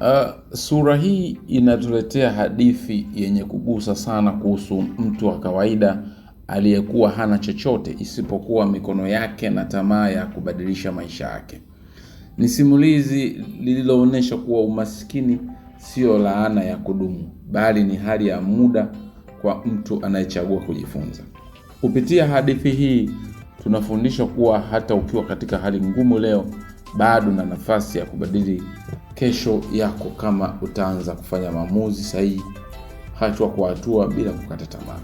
Uh, sura hii inatuletea hadithi yenye kugusa sana kuhusu mtu wa kawaida aliyekuwa hana chochote isipokuwa mikono yake na tamaa ya kubadilisha maisha yake. Ni simulizi lililoonyesha kuwa umaskini sio laana ya kudumu, bali ni hali ya muda kwa mtu anayechagua kujifunza. Kupitia hadithi hii tunafundishwa kuwa hata ukiwa katika hali ngumu leo, bado na nafasi ya kubadili kesho yako kama utaanza kufanya maamuzi sahihi hatua kwa hatua bila kukata tamaa.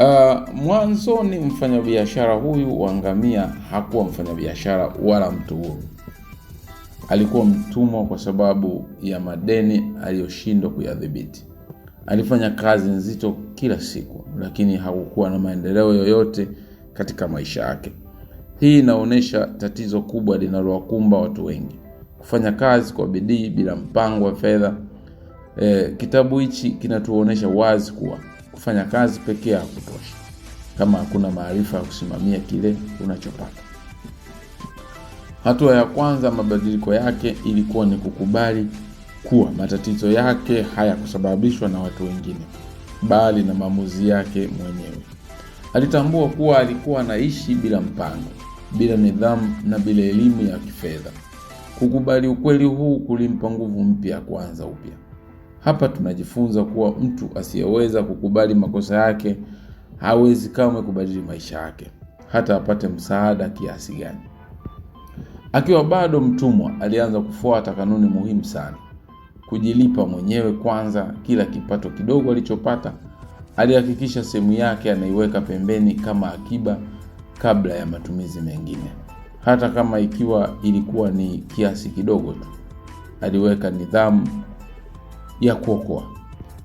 Uh, mwanzoni mfanyabiashara huyu wa ngamia hakuwa mfanyabiashara wala mtu huru. Alikuwa mtumwa kwa sababu ya madeni aliyoshindwa kuyadhibiti. Alifanya kazi nzito kila siku, lakini hakukuwa na maendeleo yoyote katika maisha yake. Hii inaonyesha tatizo kubwa linalowakumba watu wengi kufanya kazi kwa bidii bila mpango wa fedha. E, kitabu hichi kinatuonesha wazi kuwa kufanya kazi pekee hakutoshi kama hakuna maarifa ya kusimamia kile unachopata. Hatua ya kwanza mabadiliko yake ilikuwa ni kukubali kuwa matatizo yake hayakusababishwa na watu wengine, bali na maamuzi yake mwenyewe. Alitambua kuwa alikuwa anaishi bila mpango, bila nidhamu na bila elimu ya kifedha. Kukubali ukweli huu kulimpa nguvu mpya kuanza upya. Hapa tunajifunza kuwa mtu asiyeweza kukubali makosa yake hawezi kamwe kubadili maisha yake, hata apate msaada kiasi gani. Akiwa bado mtumwa, alianza kufuata kanuni muhimu sana: kujilipa mwenyewe kwanza. Kila kipato kidogo alichopata alihakikisha sehemu yake anaiweka pembeni kama akiba kabla ya matumizi mengine hata kama ikiwa ilikuwa ni kiasi kidogo tu. Aliweka nidhamu ya kuokoa.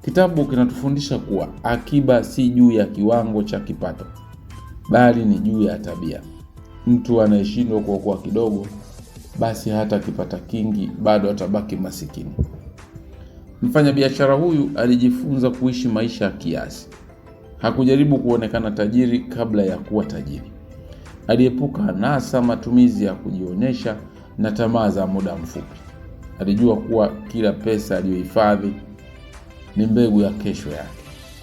Kitabu kinatufundisha kuwa akiba si juu ya kiwango cha kipato, bali ni juu ya tabia. Mtu anayeshindwa kuokoa kidogo, basi hata akipata kingi bado atabaki masikini. Mfanyabiashara huyu alijifunza kuishi maisha ya kiasi. Hakujaribu kuonekana tajiri kabla ya kuwa tajiri. Aliepuka anasa, matumizi ya kujionyesha na tamaa za muda mfupi. Alijua kuwa kila pesa aliyohifadhi ni mbegu ya kesho yake.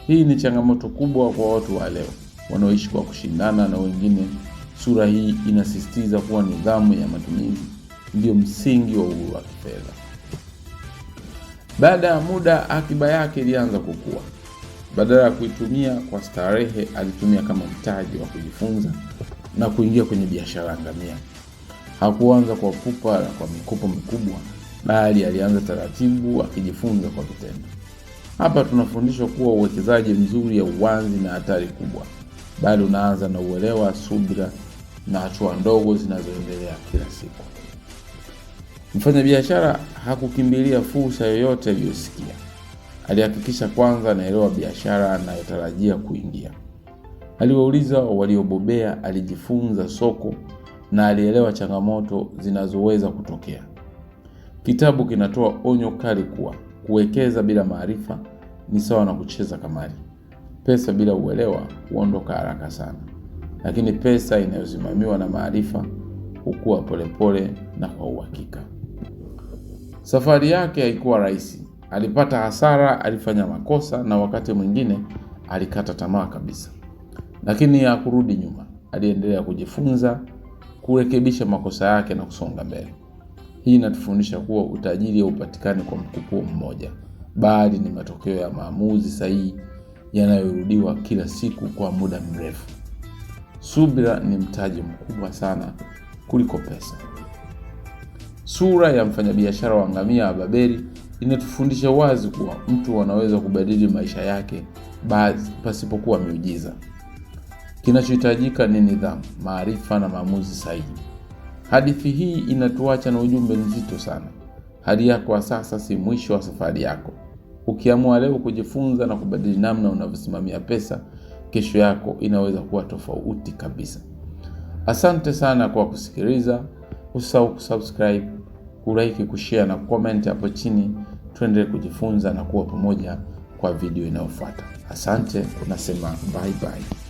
Hii ni changamoto kubwa kwa watu wa leo wanaoishi kwa kushindana na wengine. Sura hii inasisitiza kuwa nidhamu ya matumizi ndiyo msingi wa uhuru wa kifedha. Baada ya muda, akiba yake ilianza kukua. Badala ya kuitumia kwa starehe, alitumia kama mtaji wa kujifunza na kuingia kwenye biashara angamia. Hakuanza kwa kupa na kwa mikopo mikubwa, bali alianza taratibu, akijifunza kwa vitendo. Hapa tunafundishwa kuwa uwekezaji mzuri ya uwanzi na hatari kubwa, bali unaanza na uelewa, subira na hatua ndogo zinazoendelea kila siku. Mfanyabiashara hakukimbilia fursa yoyote aliyosikia. Alihakikisha kwanza anaelewa biashara anayotarajia kuingia. Aliwauliza waliobobea, alijifunza soko na alielewa changamoto zinazoweza kutokea. Kitabu kinatoa onyo kali kuwa kuwekeza bila maarifa ni sawa na kucheza kamari. Pesa bila uelewa huondoka haraka sana, lakini pesa inayosimamiwa na maarifa hukua polepole na kwa uhakika. Safari yake haikuwa rahisi. Alipata hasara, alifanya makosa na wakati mwingine alikata tamaa kabisa lakini hakurudi nyuma. Aliendelea kujifunza, kurekebisha makosa yake na kusonga mbele. Hii inatufundisha kuwa utajiri haupatikani kwa mkupuo mmoja, bali ni matokeo ya maamuzi sahihi yanayorudiwa kila siku kwa muda mrefu. Subira ni mtaji mkubwa sana kuliko pesa. Sura ya mfanyabiashara wa ngamia wa Babeli inatufundisha wazi kuwa mtu anaweza kubadili maisha yake basi pasipokuwa miujiza. Kinachohitajika ni nidhamu, maarifa na maamuzi sahihi. Hadithi hii inatuacha na ujumbe mzito sana. Hali yako ya sasa si mwisho wa safari yako. Ukiamua leo kujifunza na kubadili namna unavyosimamia pesa, kesho yako inaweza kuwa tofauti kabisa. Asante sana kwa kusikiliza. Usisahau kusubscribe, kulaiki, kushare na comment hapo chini. Tuendelee kujifunza na kuwa pamoja kwa video inayofuata. Asante, nasema bye bye.